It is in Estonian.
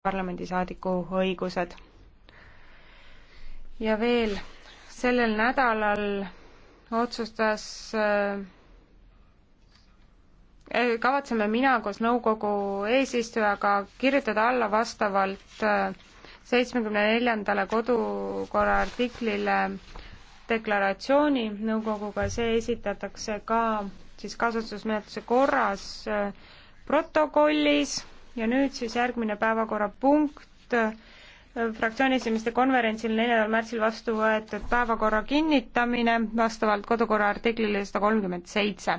parlamendisaadiku õigused. ja veel, sellel nädalal otsustas äh, eh, kavatseme mina koos nõukogu eesistujaga kirjutada alla vastavalt seitsmekümne äh, neljandale kodukorra artiklile deklaratsiooni nõukoguga, see esitatakse ka siis kasutusmenetluse korras äh, protokollis ja nüüd siis järgmine päevakorrapunkt, fraktsiooni esimeeste konverentsil neljandal märtsil vastu võetud päevakorra kinnitamine vastavalt kodukorra artiklile sada kolmkümmend seitse.